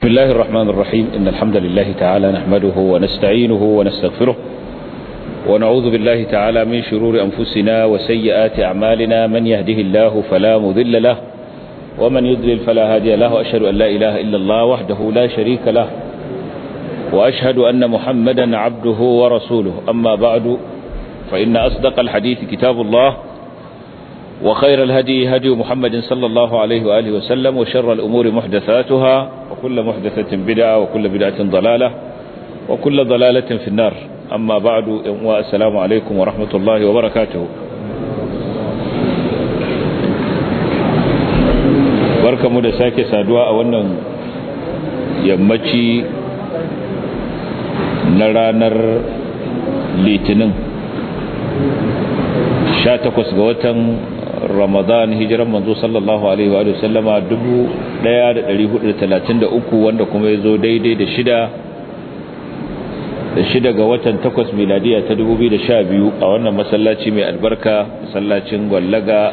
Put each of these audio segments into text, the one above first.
بسم الله الرحمن الرحيم إن الحمد لله تعالى نحمده ونستعينه ونستغفره ونعوذ بالله تعالى من شرور أنفسنا وسيئات أعمالنا من يهده الله فلا مذل له ومن يضلل فلا هادي له وأشهد أن لا إله إلا الله وحده لا شريك له وأشهد أن محمدا عبده ورسوله أما بعد فإن أصدق الحديث كتاب الله وخير الهدي هدي محمد صلى الله عليه وآله وسلم وشر الأمور محدثاتها وكل محدثة بدعة وكل بدعة ضلالة وكل ضلالة في النار أما بعد والسلام عليكم ورحمة الله وبركاته barkamu da sake saduwa a wannan yammaci na ranar litinin 18 ga watan ramadan hijiran manzo sallallahu alaihi wa sallama 1433 wanda kuma ya zo daidai da shida da shida ga watan takwas miladiya ta 2012 a wannan masallaci mai albarka masallacin gwallaga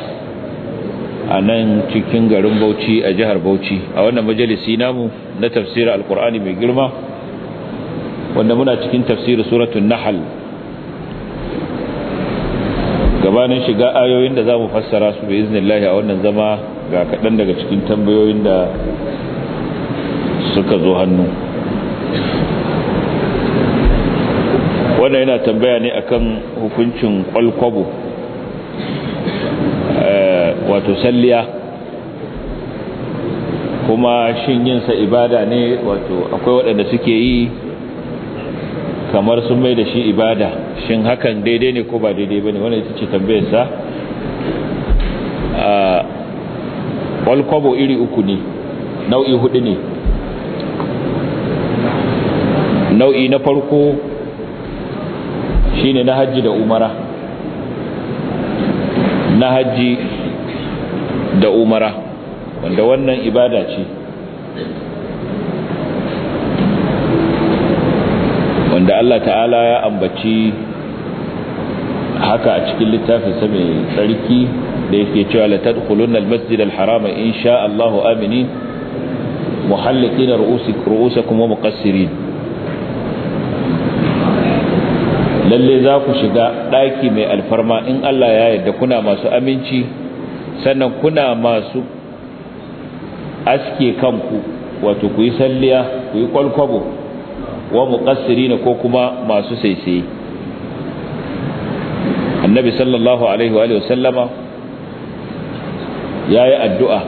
a nan cikin garin bauchi a jihar bauchi a wannan majalisi namu na tafsirar alkur'ani mai girma wanda muna cikin tafsirin suratun nahal gabanin shiga ayoyin da za mu fassara su bi iznillahi a wannan zama ga kaɗan daga cikin tambayoyin da suka zo hannu wannan yana tambaya ne akan hukuncin kwalkwabo eh, wato salliya kuma shin yinsa ibada ne wato akwai waɗanda suke yi kamar sun mai da shi ibada shin hakan daidai ne ko ba daidai ba ne wani ita ce tambayarsa walkwabo iri uku ne nau'i hudu ne nau'i na farko shine na hajji da umara na hajji da umara wanda wannan ibada ce wanda Allah ta'ala ya ambaci haka a cikin littafin sami tsarki da yake cewa la tadkhulunna al-masjid haram in sha amini aminin na ru'usakum kuma muqassirin lalle za ku shiga ɗaki mai alfarma in Allah ya yarda kuna masu aminci sannan kuna masu aske kanku wato ku yi salliya ku yi kwalkwabo wa na ko kuma masu saisaye annabi sallallahu alaihi wa sallama yayi addu'a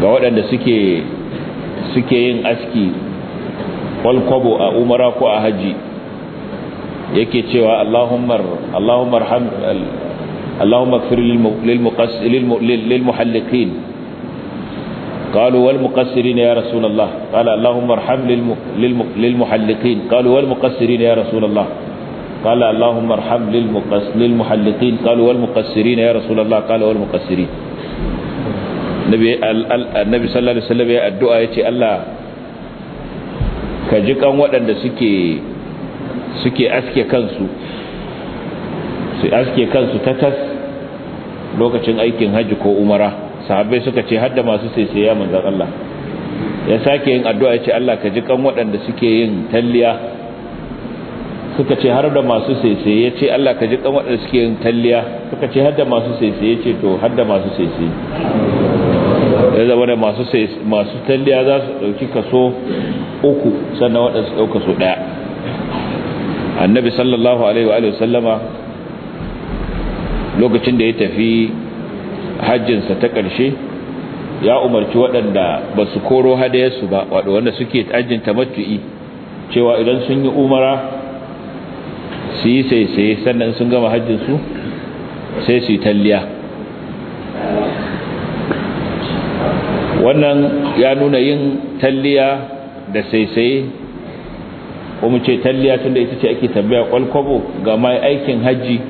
ga waɗanda suke yin aski kwalkwabo a umara ko a hajji yake cewa allahumma allahumma arham allahumma قالوا والمقصرين يا رسول الله قال اللهم ارحم للمحلقين قالوا والمقصرين يا رسول الله قال اللهم ارحم للمحلقين قالوا والمقصرين يا رسول الله قال والمقصرين النبي صلى الله عليه وسلم الدعاء يتي الله ka ji kan waɗanda suke suke aske kansu su aske kansu ta tas lokacin aikin hajji ko umara sahabbai suka ce hadda masu sai ya manzan Allah ya sake yin addu'a ya ce Allah ka ji kan waɗanda suke yin talliya suka ce har da masu sese ya ce Allah ka ji kan waɗanda suke yin talliya suka ce hadda masu sese ya ce to hadda masu sese ya zama da masu talliya za su ɗauki kaso uku sannan waɗanda su ɗauka so ɗaya annabi sallallahu alaihi wa sallama lokacin da ya tafi hajjinsa ta ƙarshe ya umarci waɗanda ba su koro yasu ba waɗanda suke hajjin tamattu'i cewa idan sun yi umara su yi saisaye sannan sun gama hajjinsu sai su yi talliya wannan ya nuna yin talliya da saisaye ko mu ce talliya tun da ita ce ake tambaya kwalkwabo ga mai aikin hajji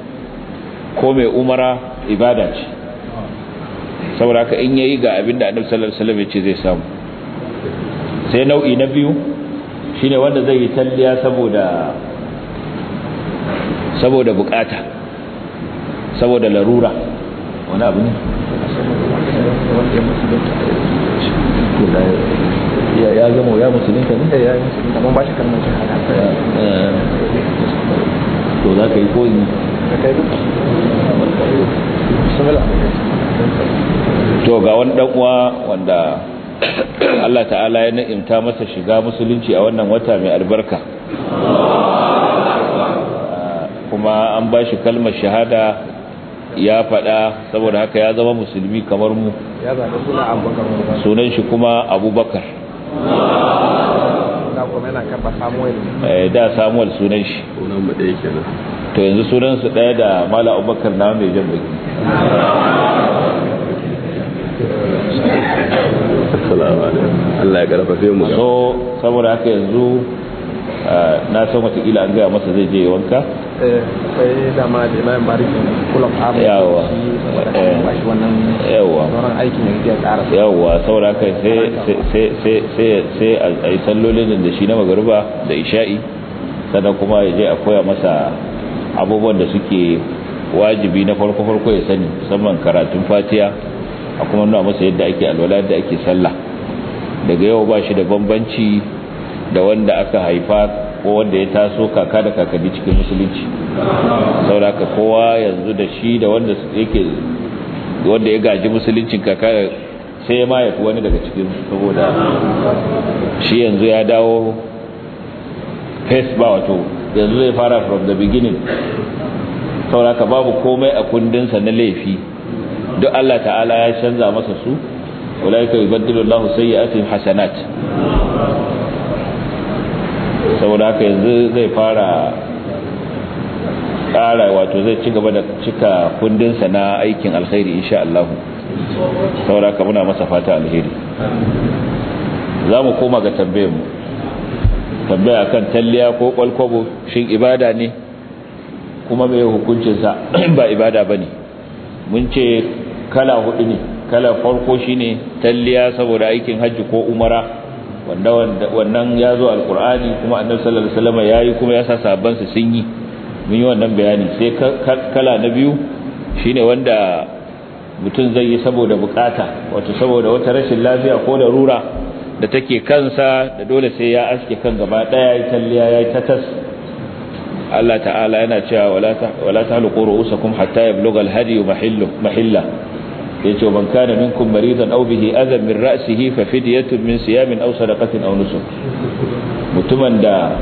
ko mai umara ibada ce saboda ka in yayi ga abin da annabi sallallahu alaihi wasallam ya zai samu sai nau'i na biyu shine wanda zai yi talliya saboda saboda bukata saboda larura wani abu ne ya ya ya musulunta ne ya yi musulunta ban ba shi eh. to za ka yi ko ka duk to ga wani dan uwa wanda Allah ta'ala ya na'imta masa shiga musulunci a wannan wata mai albarka kuma an ba shi kalmar shahada ya faɗa saboda haka ya zama musulmi kamar mu sunan shi kuma abubakar da Samuwar eh, sunan shi to yanzu sunan su ɗaya da mala abubakar na mai jan baki Allah ya karfafe mu so saboda haka yanzu ah, na san kila an gaya masa zai je wanka eh, sai da ma eh, eh. da mai barikin yawa saboda haka sai sai sai a yi sallolin da shi na magariba da isha'i sannan kuma ya je a koya masa abubuwan da suke wajibi na farko farko ya sani musamman karatun fatiya a kuma nuna masa yadda ake alwala da ake sallah daga yau ba shi da bambanci da wanda aka haifa ko wanda ya taso kaka da kakanni cikin musulunci sauraka kowa yanzu da shi da wanda yake wanda ya gaji musuluncin kaka sai ma ya fi wani daga cikin saboda shi yanzu ya dawo face ba wato yanzu zai fara from the beginning sauraka babu komai a kundinsa na laifi duk Allah ta'ala ya canza masa su ulaika yubaddilu Allahu sayyi'atihim hasanat saboda haka yanzu zai fara ƙara wato zai ci gaba da cika kundinsa na aikin alkhairi insha Allah saboda haka muna masa fata alheri za mu koma ga tambayar mu tambaya kan talliya ko kwalkwabo shin ibada ne kuma mai hukuncinsa ba ibada ba ne mun ce kala hudu ne kala farko shine talliya saboda aikin hajji ko umara wanda wannan ya zo alkur'ani kuma annabi sallallahu alaihi wasallam yayi kuma ya sa sabban su sun yi mun yi wannan bayani sai kala na biyu shine wanda mutum zai yi saboda bukata wato saboda wata rashin lafiya ko da rura da take kansa da dole sai ya aske kan gaba daya ya talliya ya tas? Allah ta'ala yana cewa wala ta wala ta hatta ya al-hadi mahillahu mahilla yace ban kana minkum maridan aw bihi adhan min ra'sihi fa fidyatun min siyamin aw sadaqatin aw nusuk mutumin da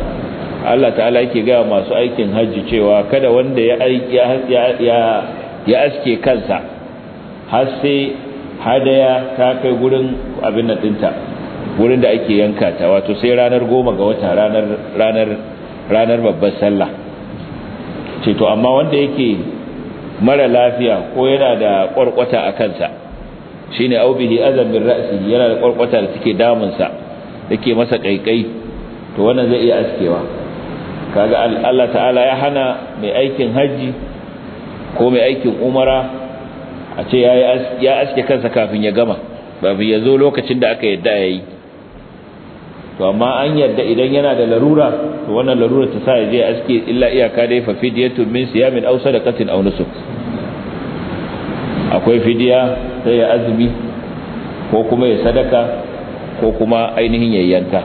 Allah ta'ala yake ga masu aikin haji cewa kada wanda ya ya ya aske kansa har sai hadaya ta kai gurin abin nan dinta gurin da ake yanka ta wato sai ranar goma ga wata ranar ranar ranar babbar sallah ce to amma wanda yake mara lafiya ko yana da kwarkwata a kansa shi ne aubihi azamin ra'asi yana da ƙwarƙwata da suke damunsa da ke masa ƙaiƙai to wannan zai iya askewa kaga Allah ta'ala ya hana mai aikin hajji ko mai aikin umara a ce ya aske kansa kafin ya gama kafin ya zo lokacin da aka yadda ya yi to amma an yadda idan yana da larura to wannan larura ta sa ya je aske illa iyaka dai fa fidyatun min siyamin aw sadaqatin aw nusuk akwai fidiya sai ya azumi ko kuma ya sadaka ko kuma ainihin yayyanka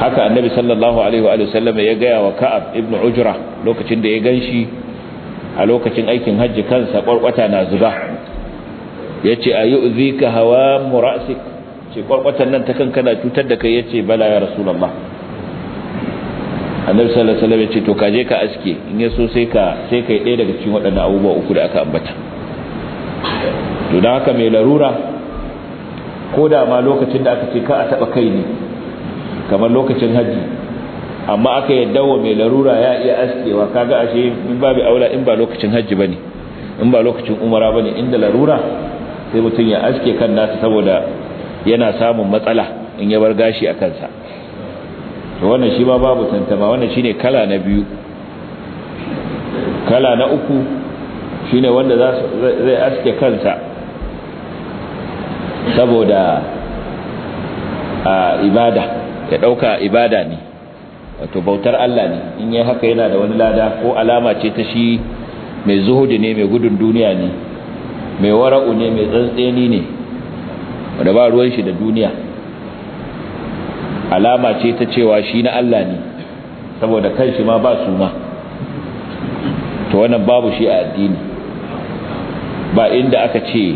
haka annabi sallallahu alaihi wa sallam ya gaya wa ka'ab ibn ujra lokacin da ya ganshi a lokacin aikin hajji kansa kwarkwata na zuba yace ka hawa murasik ce kwarkwatan nan ta kanka cutar da kai yace bala ya rasulullah annabi sallallahu alaihi wasallam ya ce to kaje ka aske in ya sai ka sai kai ɗaya daga cikin waɗannan abubuwa uku da aka ambata to dan haka mai larura ko da ma lokacin da aka ce ka a taba kai ne kamar lokacin haji amma aka yadda wa mai larura ya iya askewa kaga ashe in babu aula in ba lokacin haji bane in ba lokacin umara bane inda larura sai mutum ya aske kan nasa saboda yana samun matsala in ya bar gashi a kansa to wannan shi ma babu tantama wannan shine kala na biyu kala na uku shine wanda zai aske kansa saboda a ibada ya dauka ibada ne wato bautar Allah ne in yi haka yana da wani lada ko alama ce ta shi mai zuhudi ne mai gudun duniya ne mai wara'u ne mai tsantseni ne wanda ba ruwan shi da duniya alama ce ta cewa shi na Allah ne saboda kan shi ma ba su ma to wannan babu shi a addini ba inda aka ce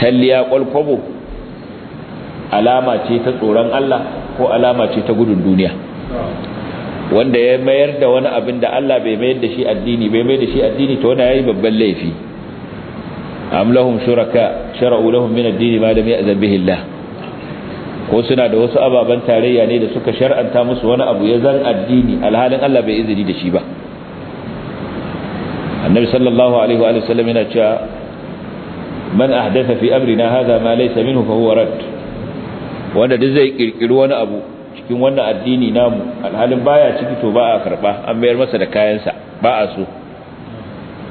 kalliya kwalkwabo alama ce ta tsoron Allah ko alama ce ta gudun duniya wanda ya mayar da wani abin da Allah bai mayar da shi addini bai mayar da shi addini to ya yi babban laifi am lahum shuraka shara'u lahum min ad-din ma lam ya'zan bihi Allah ko suna da wasu ababen tarayya ne da suka shar'anta musu wani abu ya zan addini alhalin Allah bai izini da shi ba annabi sallallahu alaihi wa sallam yana cewa man ahdatha fi amrina hadha ma laysa minhu fa huwa wanda duk zai kirkiri wani abu cikin wannan addini namu alhalin baya ciki to ba a karba an mayar masa da kayansa ba a so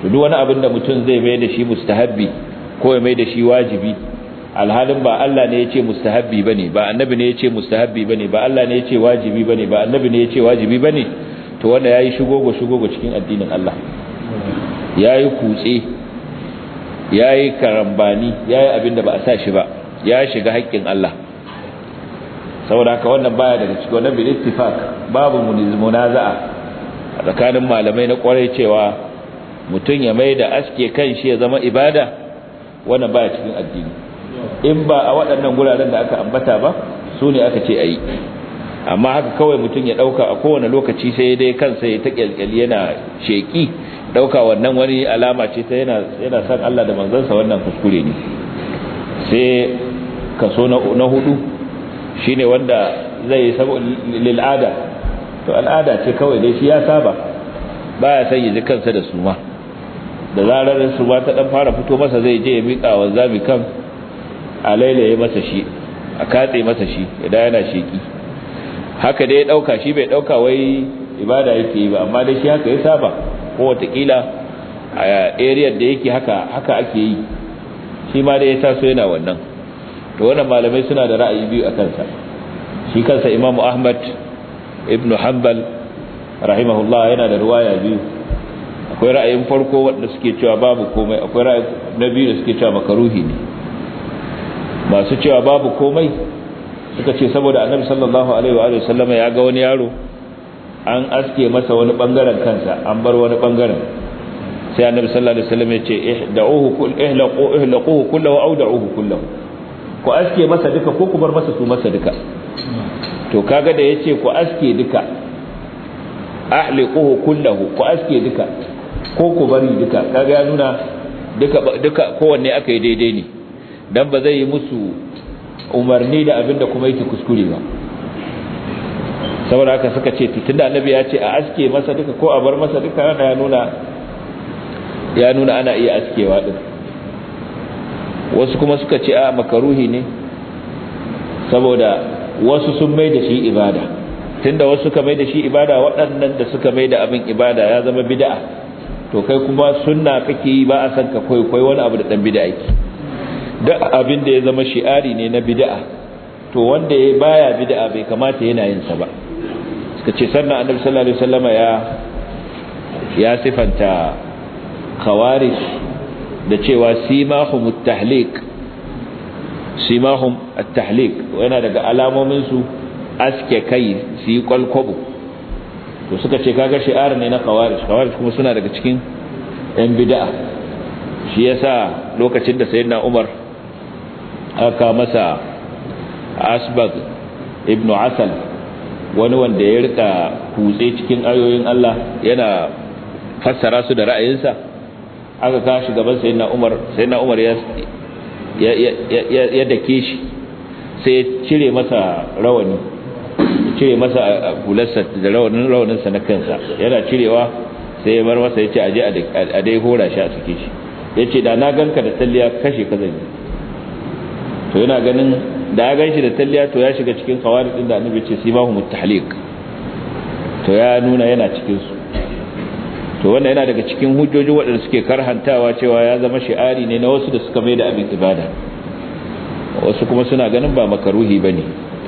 to duk wani abin da mutum zai mai da shi mustahabbi ko ya mai da shi wajibi alhalin ba Allah ne yace mustahabbi bane ba annabi ne yace mustahabbi bane ba Allah ne yace wajibi bane ba annabi ne yace wajibi bane to wanda yayi shigogo shigogo cikin addinin Allah yayi kutse yayi karambani yayi abinda ba a sa shi ba ya shiga haƙƙin Allah saboda haka wannan baya daga cikin wannan bil ittifaq babu munaza'a tsakanin malamai na kwarai cewa mutum ya maida aske kan shi ya zama ibada wannan baya cikin addini in ba a waɗannan guraren da aka ambata ba su ne aka ce a yi amma haka kawai mutum ya ɗauka a kowane lokaci sai dai kansa ya ta yana sheƙi ɗauka wannan wani alama ce ta yana san Allah da manzansa wannan kuskure ne sai kaso na hudu shi ne wanda zai sabo lil'ada to al'ada ce kawai dai shi ya saba ba ya san ji kansa da suma da zarar suma ta ɗan fara fito masa zai je ya miƙa wanzami kan a lailaye masa shi a katse masa shi idan yana sheki haka dai ya dauka shi bai dauka wai ibada yake ba amma dai shi haka ya saba ko watakila a area da yake haka haka ake yi shi ma dai ya taso yana wannan to wannan malamai suna da ra'ayi biyu a kansa shi kansa imamu ahmad ibn hanbal rahimahullah yana da ruwaya biyu akwai ra'ayin farko wanda suke cewa babu komai akwai ra'ayi na biyu da suke cewa makaruhi ne masu cewa babu komai suka ce saboda annabi sallallahu alaihi wa sallama ya ga wani yaro an aske masa wani bangaren kansa an bar wani bangaren sai annabi sallallahu alaihi wasallam ya ce ihda'uhu kull ihlaqu ihlaquhu kullahu aw da'uhu kullahu ku aske masa duka ko ku bar masa su masa duka to kaga da yace ku aske duka ahliquhu kullahu ku aske duka ko ku bari duka kaga ya nuna duka duka kowanne aka yi daidai ne dan ba zai yi musu umarni da abin da kuma yake kuskure ba saboda haka suka ce tunda annabi ya ce a aske masa duka ko a bar masa duka yana nuna ya nuna ana iya askewa din wasu kuma suka ce a makaruhi ne saboda wasu sun mai da shi ibada tunda wasu suka mai da shi ibada waɗannan da suka mai da abin ibada ya zama bid'a to kai kuma sunna kake yi ba a san ka koyi wani abu da dan bid'a yake duk abin da ya zama shi'ari ne na bid'a to wanda ya baya bid'a bai kamata yana yin sa ba suka ce sannan annabi sallallahu alaihi wasallama ya ya sifanta khawarij da cewa simahum at-tahliq simahum at-tahliq yana daga alamomin su aske kai su yi kwalkwabo to suka ce kaga shi'ar ne na khawarij khawarij kuma suna daga cikin yan bid'a shi yasa lokacin da sayyidina Umar aka masa asbag ibn asal wani wanda ya rika kutse cikin ayoyin Allah yana fassara su da ra'ayinsa aka kashi gaban sayyidina Umar sayyidina Umar ya ya dake shi sai ya cire masa rawani cire masa hularsa da rawanin rawaninsa na kansa yana cirewa sai ya bar masa ya ce aje a dai hora shi a suke shi ya ce da na ganka da talliya kashe ka zanyi to yana ganin da ya ganshi da talliya to ya shiga cikin khawarij din da annabi ce simahu mutahliq to ya nuna yana cikin su to wannan yana daga cikin hujjojin waɗanda suke karhantawa cewa ya zama shi'ari ne na wasu da suka mai da abin ibada wasu kuma suna ganin ba makaruhi ba ne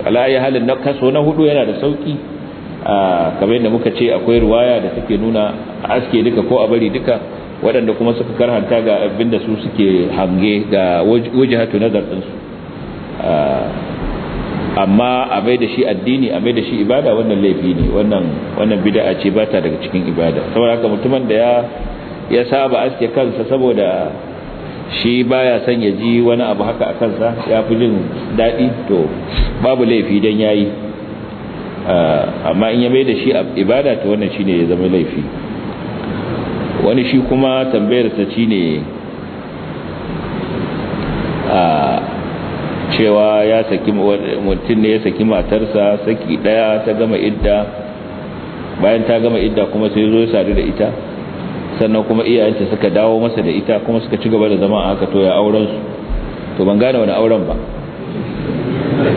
alayi halin na kaso na hudu yana da sauki kamar yadda muka ce akwai ruwaya da take nuna a aske duka ko a bari duka waɗanda kuma suka karhanta ga abinda su suke hange ga wujihatu nazar ɗinsu Ah, amma a mai da shi addini a mai da shi ibada wannan laifi ne wannan bida'a ce ba ta daga cikin ibada saboda haka mutumin da ya ya saba aske kansa saboda shi baya son ya ji wani abu haka a kansa ya fi jin daɗi to babu laifi don yayi ah, amma in ya mai da shi ibada to wannan shine ya zama laifi wani shi kuma tambayar ta shi a ah, cewa ya saki mutum ne ya saki matarsa saki daya ta gama idda bayan ta gama idda kuma sai zo ya sadu da ita sannan kuma iyayenta suka dawo masa da ita kuma suka ci gaba da zama a haka to ya auren su to ban gane wani auren ba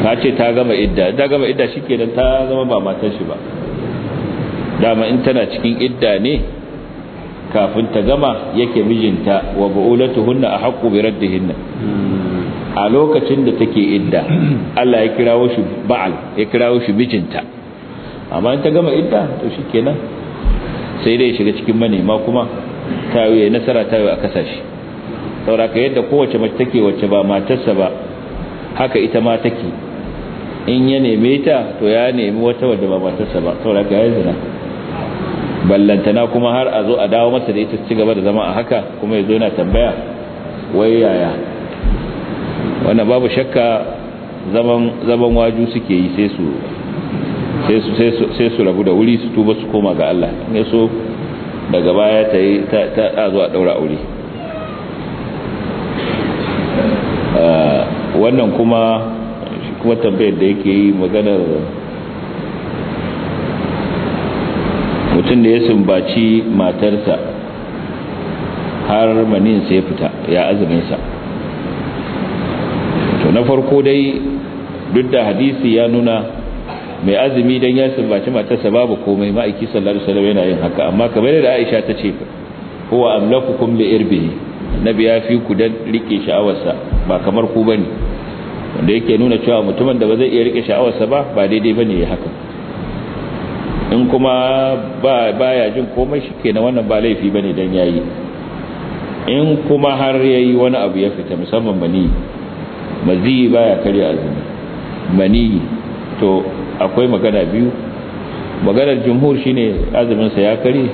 ta ce ta gama idda ta gama idda shikenan ta zama ba matar shi ba dama in tana cikin idda ne kafin ta gama yake mijinta wa hunna a bi raddihinna a lokacin da take idda Allah ya kirawo shi ba'al ya kirawo shi mijinta amma in ta gama idda to shikenan sai dai shiga cikin manema kuma ta yi nasara ta yi a kasashi sauraka yadda kowace mace take wacce ba matarsa ba haka ita ma take in ya neme ta to ya nemi wata wadda ba matarsa ba sauraka ya zina ballantana kuma har a zo a dawo masa da ita ci gaba da zama a haka kuma ya zo yana tambaya wai yaya wannan babu shakka zaman waju suke yi sai su rabu da wuri su tuba su koma ga Allah ne so daga baya ta yi ta zuwa daura aure ah, wannan kuma kuma tambayar da yake yi maganar mutum da ya sumbaci matarsa har manin sai fita ya azuminsa to na farko dai duk da hadisi ya nuna mai azumi don ya sumbaci matarsa babu komai ma'aiki sallallahu alaihi wasallam yana yin haka amma kamar da Aisha ta ce huwa amlakukum li irbihi nabi ya fi ku dan rike sha'awarsa ba kamar ku bane wanda yake nuna cewa mutumin da ba zai iya rike sha'awarsa ba ba daidai bane ya haka in kuma ba ya jin komai shi ke na wannan ba laifi ba ne don yayi in kuma har ya yi wani abu ya fita musamman mani mazi ya karya azumi mani to akwai magana biyu maganar jumhur shine azuminsa ya kare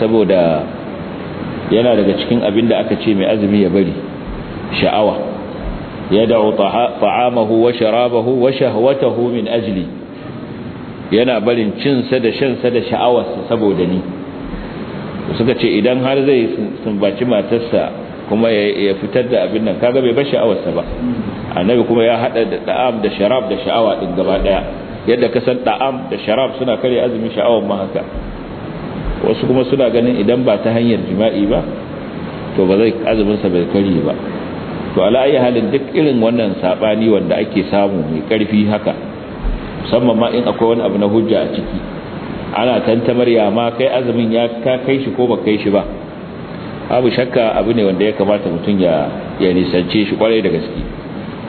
saboda yana daga cikin abin da aka ce mai azumi ya bari sha'awa ya da'u ta'amahu wa sharabahu wa shahwatahu min ajli yana barin cinsa da shansa da sha'awarsa saboda ni suka ce idan har zai sumbaci matarsa kuma ya fitar da abin nan kaga bai bar sha'awarsa ba annabi kuma ya hada da da'am da sharab da sha'awa din gaba daya yadda ka san da'am da sharab suna kare azumin sha'awar ma haka wasu kuma suna ganin idan ba ta hanyar jima'i ba to ba zai azumin sa bai kare ba to ala ayi halin duk irin wannan sabani wanda ake samu mai karfi haka musamman ma in akwai wani abu na hujja a ciki ana tantamar ya ma kai azumin ya ka kai shi ko ba kai shi ba abu shakka abu ne wanda ya kamata mutum ya ya nisance shi kwarai da gaske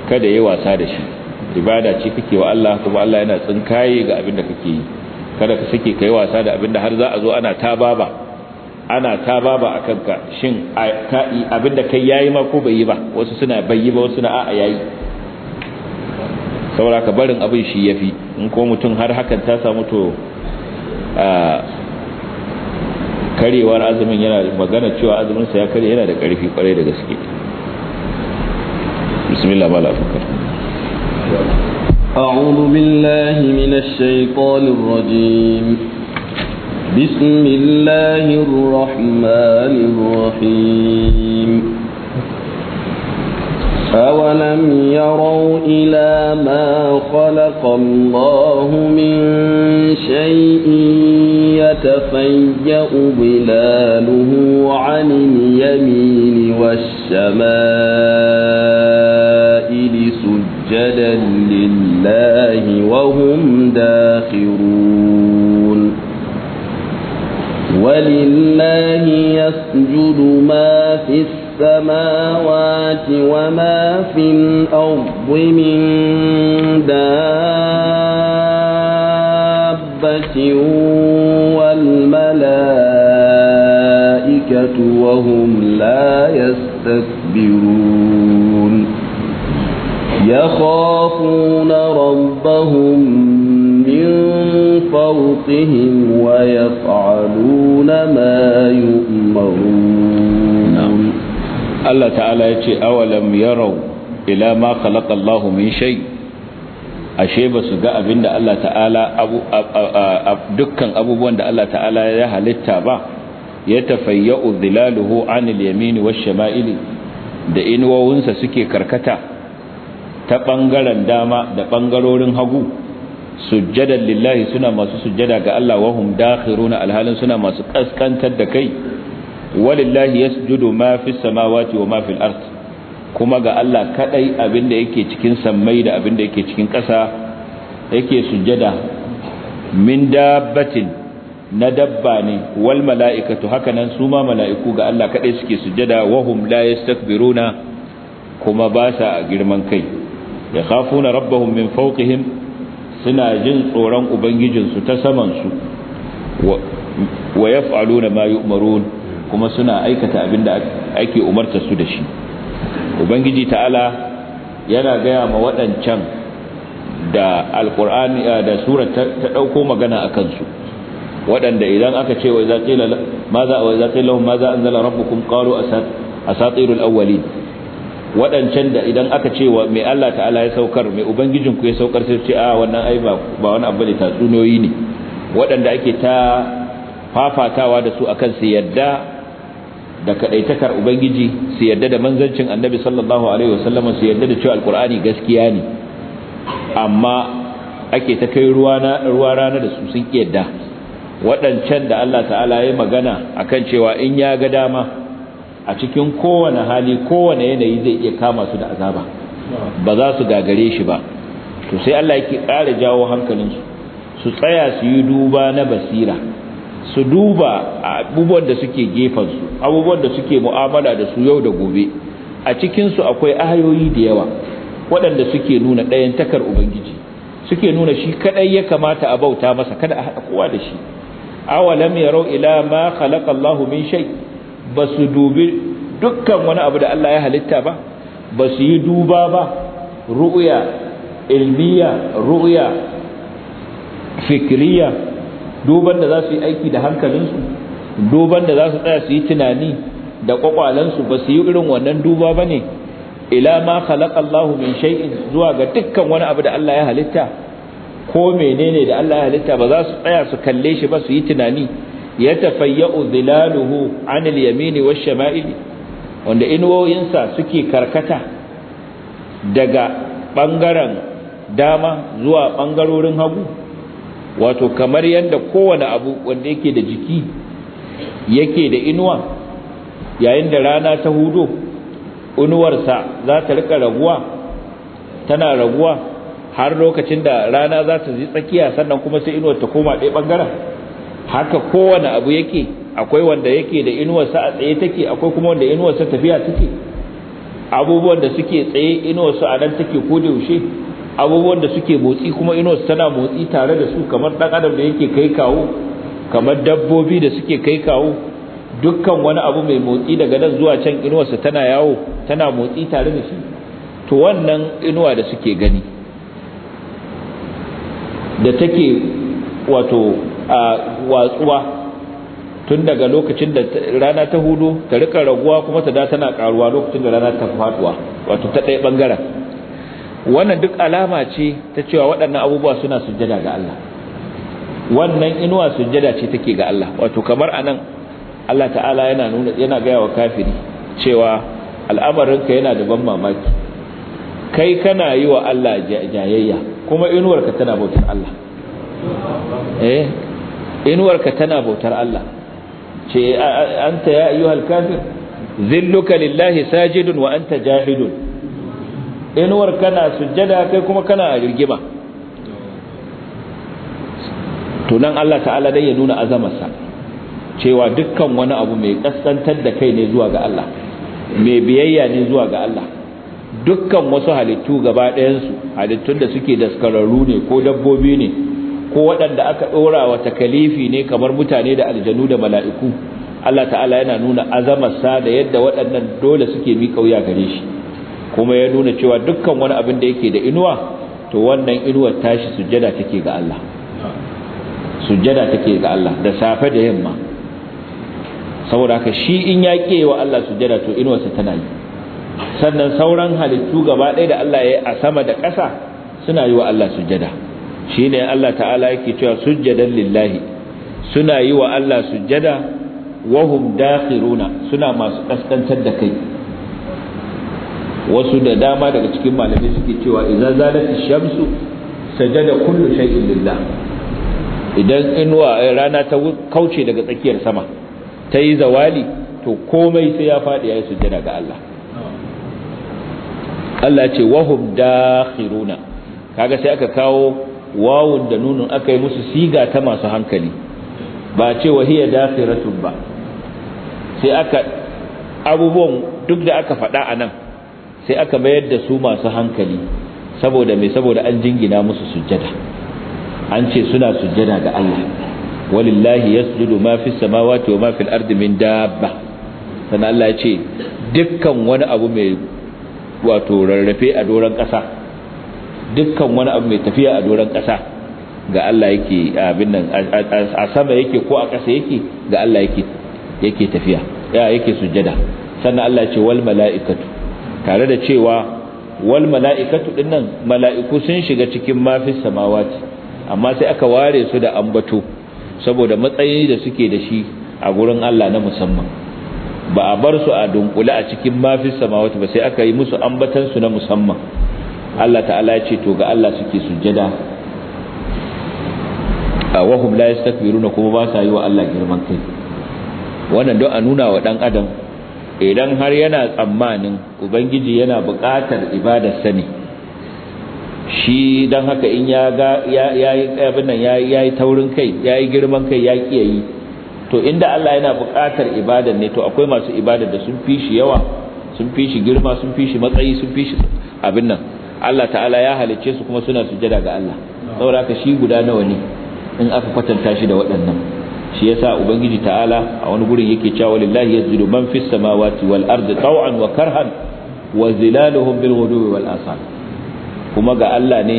kada yayi wasa da shi ibada ce kake wa Allah kuma Allah yana tsinkaye ga abin da kake yi kada ka sake kai wasa da abin da har za a zo ana ta baba ana ta baba akan ka shin abin da kai yayi ma ko bai yi ba wasu suna bai yi ba wasu suna a'a yayi saboda ka barin abin shi yafi in ko mutum har hakan ta samu to karewar azumin yana magana cewa azumin sa ya kare yana da karfi kwarai da gaske bismillah mala fakar أعوذ بالله من الشيطان الرجيم بسم الله الرحمن الرحيم أولم يروا إلى ما خلق الله من شيء يتفيأ ظلاله عن اليمين والشمائل سجدا لله وهم داخرون ولله يسجد ما في السماء السماوات وما في الأرض من دابة والملائكة وهم لا يستكبرون يخافون ربهم من فوقهم ويفعلون ما يؤمرون Allah ta'ala ya ce awalam yarau ila ma khalaqa Allah min shay ashe ba su ga abinda Allah ta'ala abu dukkan abubuwan da Allah ta'ala ya halitta ba ya tafayya'u dhilaluhu 'anil yamini wash-shama'ili da inuwawunsa suke karkata ta bangaren dama da bangarorin hagu sujjadan lillahi suna masu sujjada ga Allah wahum dakhiruna alhalin suna masu kaskantar da kai walillahi yasjudu ma fis samawati wa ma fil ard kuma ga Allah kadai abinda yake cikin samai da abinda yake cikin ƙasa yake sujjada min dabbatin na dabba ne wal mala'ikatu hakanan su ma mala'iku ga Allah kadai suke sujjada wa hum la yastakbiruna kuma ba sa girman kai ya khafuna rabbahum min fawqihim suna jin tsoron ubangijinsu ta saman su wa yaf'aluna ma yu'marun kuma suna aikata abin da ake umarta su da shi ubangiji ta'ala yana gaya ma waɗancan da alkur'ani eh, da sura ta ɗauko magana a kansu waɗanda idan aka ce wa za ta lahum ma za an zala rabbukum qalu asatirul awwalin waɗancan da idan aka ce wa mai Allah ta'ala ya saukar mai ubangijinku ya saukar sai ce a ah, wannan ai ba wani abu ne tatsuniyoyi ne waɗanda ake ta fafatawa da su akan su yadda da kadaitakar ubangiji su yadda da manzancin annabi sallallahu alaihi wasallam su yadda da cewa alqur'ani gaskiya ne amma ake ta kai ruwa na ruwa rana da su sun kiyarda wadancan da Allah ta'ala ya magana akan cewa in ya ga dama a cikin kowane hali kowane yanayi zai iya kama su da azaba ba za su gagare shi ba to sai Allah yake ƙara jawo hankalinsu su tsaya su yi duba na basira su duba abubuwan da suke su abubuwan da suke mu'amala da su yau da gobe a cikinsu akwai ayoyi da yawa waɗanda suke nuna ɗayan takar ubangiji suke nuna shi kaɗai ya kamata a bauta masa kada a haɗa kowa da shi awalam yarau ila ma khalaqa Allahu min shay basu dubi dukkan wani abu da Allah ya halitta ba su yi duba ba ru'ya ilmiya ru'ya fikriya duban da za su yi aiki da hankalinsu duban da za su tsaya su yi tunani da kwakwalansu ba su yi irin wannan duba ba ne ila ma khalaqa Allahu min shay'in zuwa ga dukkan wani abu da Allah ya halitta ko menene da Allah ya halitta ba za su tsaya su kalle shi ba su yi tunani ya zilaluhu an 'anil yamini wash shama'ili wanda inuwoyinsa suke karkata daga bangaren dama zuwa bangarorin hagu wato kamar yadda kowane abu wanda yake da jiki yake da inuwa yayin da rana ta hudo inuwarsa za ta rika raguwa tana raguwa har lokacin da rana za ta ji tsakiya sannan kuma sai inuwar ta koma ɗaya ɓangaren haka kowane abu yake akwai wanda yake da inuwarsa a tsaye take akwai kuma wanda inuwarsa tafiya take abubuwan da suke tsaye inuwarsu a nan take ko da yaushe abubuwan da suke motsi kuma su tana motsi tare da su kamar ɗan adam da yake kai kawo kamar dabbobi da suke kai kawo dukkan wani abu mai motsi daga nan zuwa can su tana yawo tana motsi tare da shi to wannan inuwa da suke gani da take wato a watsuwa tun daga lokacin da rana ta hudu ta rika raguwa kuma ta da tana karuwa lokacin da rana ta faduwa wato ta ɗaya ɓangaren wannan duk alama ce ta cewa waɗannan abubuwa suna sujjada ga Allah wannan inuwa sujjada ce take ga Allah wato kamar anan Allah ta'ala yana nuna yana ga yawa kafiri cewa al'amarinka yana da ban mamaki kai kana yi wa Allah jayayya kuma inuwarka tana bautar Allah eh inuwarka tana bautar Allah ce anta ya ayyuhal kafir zilluka lillahi sajidun wa anta jahidun inuwar kana sujjada kai kuma kana a girgima tunan Allah ta'ala dai ya nuna azamarsa cewa dukkan wani abu mai kaskantar da kai ne zuwa ga Allah mai biyayya ne zuwa ga Allah dukkan wasu halittu gaba ɗayansu halittun da suke daskararru ne ko dabbobi ne ko waɗanda aka ɗora wa takalifi ne kamar mutane da aljanu da mala'iku Allah ta'ala yana nuna azamarsa da yadda waɗannan dole suke miƙa wuya gare shi kuma ya nuna cewa dukkan wani abin da yake da inuwa to wannan inuwar tashi sujjada take ga Allah sujjada take ga Allah da safe da yamma saboda haka shi in ya wa Allah sujjada to inuwarsa tana yi sannan sauran halittu gaba ɗaya da Allah ya yi a sama da ƙasa suna yi wa Allah sujjada shine Allah ta'ala yake cewa sujjadan lillahi suna yi wa Allah sujjada wahum dakhiruna suna masu kaskantar da kai wasu da dama daga cikin malamai suke cewa idan zalati shamsu sajada kullu shay'in lillah idan inuwa eh, rana ta kauce daga tsakiyar sama ta yi zawali to komai sai ya faɗi yayin sujjada ga Allah Allah ce wahum dakhiruna kaga sai aka kawo wawun da nunun aka yi musu siga ta masu hankali ba ce hiya dakhiratun ba sai aka abubuwan duk da aka faɗa a nan sai aka mayar da su masu hankali saboda mai saboda an jingina musu sujjada an ce suna sujjada ga Allah walillahi yasjudu ma fis samawati wa ma fil ardi min dabba sannan Allah ya ce dukkan wani abu mai wato rarrafe a doron ƙasa dukkan wani abu mai tafiya a doron ƙasa ga Allah yake abin nan a sama yake ko a ƙasa yake ga Allah yake yake tafiya ya yake sujjada sannan Allah ya ce wal mala'ikatu tare da cewa wal mala'ikatu dinnan mala'iku sun shiga cikin mafis samawati amma sai aka ware su da ambato saboda matsayi da suke da shi a gurin Allah na musamman ba a bar su a dunkule a cikin mafis samawati ba sai aka yi musu ambatan su na musamman Allah ta'ala ya ce to ga Allah suke sujjada a wahum la yastakbiruna kuma ba sa yi wa Allah girman kai wannan don a nuna wa dan adam idan har yana tsammanin ubangiji yana buƙatar ibadar sani shi don haka in ya ga ya yi taurin kai ya yi girman kai ya kiyayi yi to inda Allah yana buƙatar ibada ne to akwai masu ibadar da sun fi shi yawa sun fi shi girma sun fi shi matsayi sun fi shi abin nan Allah ta'ala ya halicce su kuma suna sujada ga Allah saboda haka shi guda nawa ne in aka kwatanta shi da waɗannan shi yasa ubangiji ta'ala a wani gurin yake cewa lillahi yasjudu man fis samawati wal ardi taw'an wa karhan wa zilaluhum bil ghudubi wal asal kuma ga Allah ne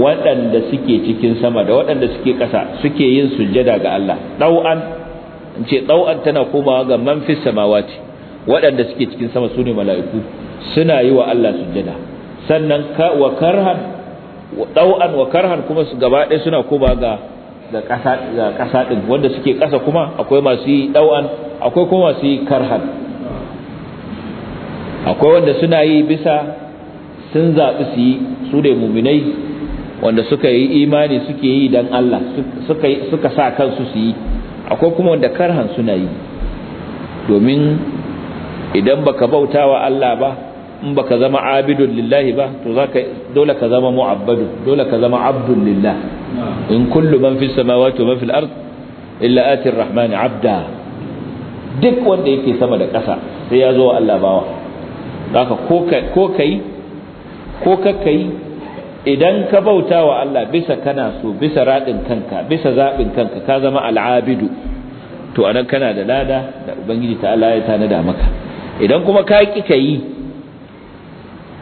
waɗanda suke cikin sama da waɗanda suke ƙasa suke yin sujjada ga Allah taw'an ce taw'an tana komawa ga man fis samawati waɗanda suke cikin sama sune mala'iku suna yi wa Allah sujjada sannan wa karhan taw'an wa karhan kuma su gaba ɗaya suna komawa ga ga ƙasa din wanda suke ƙasa kuma akwai masu yi ɗau'an akwai kuma masu yi karhan akwai wanda suna yi bisa sun zaɓi su yi su da muminai wanda suka yi imani suke yi don Allah suka sa kansu su yi akwai kuma wanda karhan suna yi domin idan baka bauta wa Allah ba in baka zama abidun lillahi ba to dole ka zama mu'abbadu dole ka zama abdun lillah in kullu man fis samawati wa man fil ard illa ati ar-rahman abda duk wanda yake sama da ƙasa sai ya zo wa Allah bawa haka ko kai ko kakkai idan ka bauta wa Allah bisa kana so bisa radin kanka bisa zabin kanka ka zama al'abidu to anan kana da lada da ubangiji ta Allah ya tanada maka idan kuma ka ki kai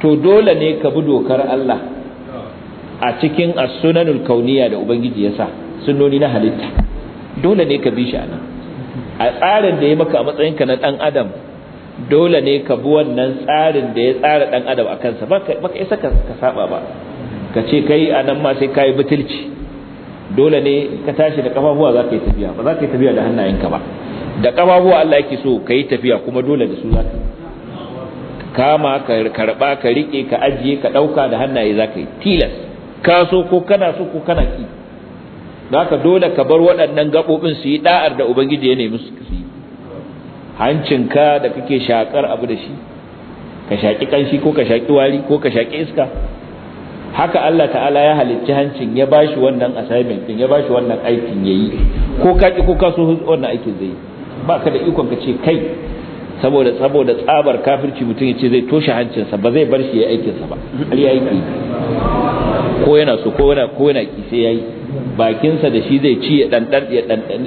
to dole ne ka bi dokar Allah a cikin as-sunanul kauniyya da ubangiji yasa sa sunnoni na halitta dole ne ka bi shi anan a tsarin da ya maka a matsayin ka na dan adam dole ne ka bi wannan tsarin da ya tsara dan adam a kansa baka isa ka saba ba ka ce kai anan ma sai kai butulci dole ne ka tashi da kafafuwa za ka yi tafiya ba za ka yi tafiya da hannayenka ba da kafafuwa Allah yake so ka yi tafiya kuma dole da su za ka kama ka karba ka rike ka ajiye ka dauka da hannaye za ka yi tilas ka so ko kana so ko kana ki haka dole ka bar waɗannan gaɓoɓin su yi da'ar da ubangiji ya nemi su yi hancinka da kake shakar abu da shi ka shaki kanshi ko ka shaki wari ko ka shaki iska haka Allah ta'ala ya halicci hancin ya bashi wannan assignment din ya bashi wannan aikin yayi ko ka ki ko ka so wannan aikin zai ba ka da ikon ka ce kai saboda saboda tsabar kafirci mutum ya ce zai toshe hancinsa ba zai bar shi ya aikinsa ba har ya yi ko yana so ko yana ko yana ki sai yayi bakinsa da shi zai ci ya dan ya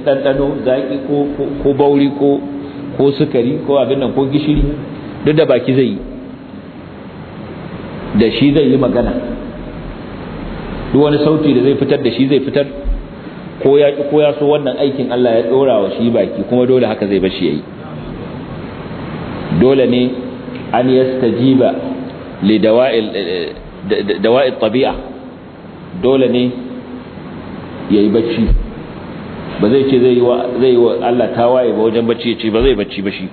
dandano zaki ko ko bauri ko ko sukari ko abin nan ko gishiri duk da baki zai yi da shi zai yi magana duk wani sauti da zai fitar da shi zai fitar ko ya ko ya so wannan aikin Allah ya dora wa shi baki kuma dole haka zai bashi yayi dole ne an yastajiba li dawa'il eh, eh, dawa'il tabi'a dole ne ya yi bacci ba zai ce zai yi wa Allah ta waye ba wajen bacci ya ce ba zai bacci ba shi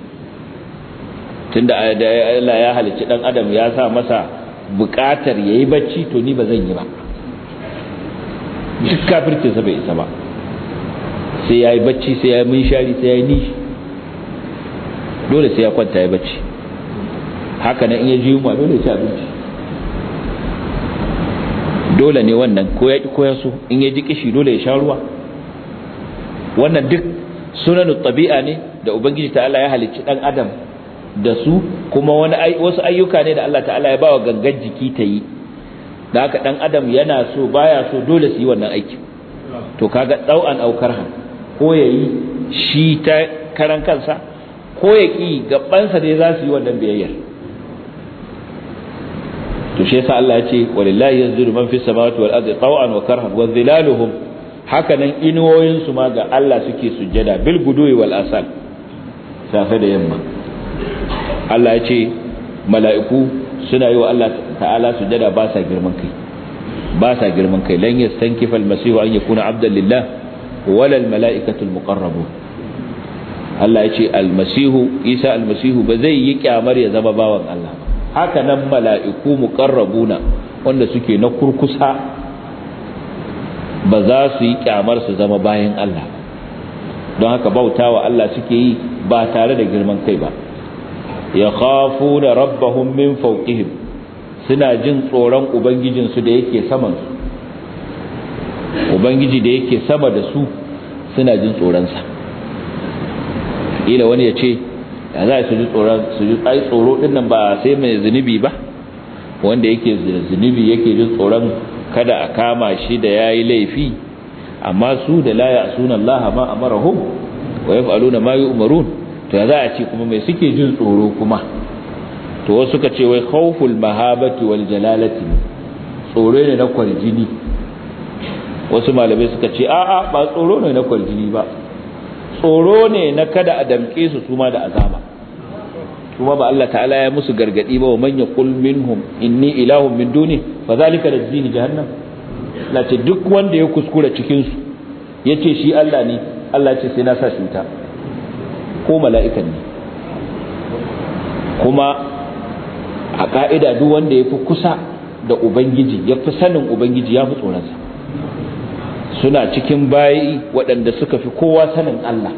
tunda Allah ya halicci dan adam ya sa masa bukatar ya yi bacci to ni ba zan yi ba duk kafircinsa bai isa ba sai ya yi bacci sai ya yi shari sai ya yi nishi dole sai ya kwanta ya bacci haka in ya ji yunwa dole ya ci dole ne wannan ko ya so in ya ji kishi dole ya sha ruwa wannan duk sunanu tabi'a ne da ubangiji ta'ala ya halicci dan adam da su kuma wani wasu ayyuka ne da Allah ta'ala ya bawa gangan jiki ta yi da haka dan adam yana so baya so dole su yi wannan aiki to kaga tsau'an aukar ha ko yayi shi ta karan kansa ko ya ki gabansa dai za su yi wannan biyayyar to shi yasa Allah ya ce walillahi yanzuru man fis samawati wal ardi taw'an wa karhan wa zilaluhum hakanan inuwoyin su ma ga Allah suke sujjada bil gudui wal asal safe da yamma Allah ya ce mala'iku suna yi wa Allah ta'ala sujjada ba sa girman kai ba sa girman kai lan yastankifa al masih an yakuna abdan lillah wala al mala'ikatu al muqarrabun Allah ya ce al masih Isa al masih ba zai yi kyamar ya zama bawan Allah ba haka nan mala'iku muqarrabuna wanda suke na kurkusa ba za su yi kyamar su zama bayan Allah don haka bautawa Allah suke yi ba tare da girman kai ba ya khafu da rabbahum min fawqihim suna jin tsoron ubangijinsu da yake saman su ubangiji da yake sama da su suna jin tsoronsa ila wani ya ya za su ji tsoron su ai tsoro din nan ba sai mai zunubi ba wanda yake zunubi yake jin tsoron kada a kama shi da yayi laifi amma su da la suna Allah ma amarahum wa yaf'aluna ma yu'marun to ya za a ce kuma mai suke jin tsoro kuma to wasu ka ce wai khawful mahabati wal jalalati tsoro ne na kwarjini wasu malamai suka ce a'a ba tsoro ne na kwarjini ba tsoro ne na kada a damke su su da azama. kuma ba Allah ta'ala ya musu gargadi ba wa manya qul minhum inni ilahun min duni fa zalika rajzini jahannam lace duk wanda ya kuskura cikin su yace shi Allah ne Allah ce sai na sa shi ta ko mala'ikan ne kuma a ka'ida duk wanda ya fi kusa da ubangiji ya fi sanin ubangiji ya fi tsoronsa suna cikin bayi waɗanda suka fi kowa sanin Allah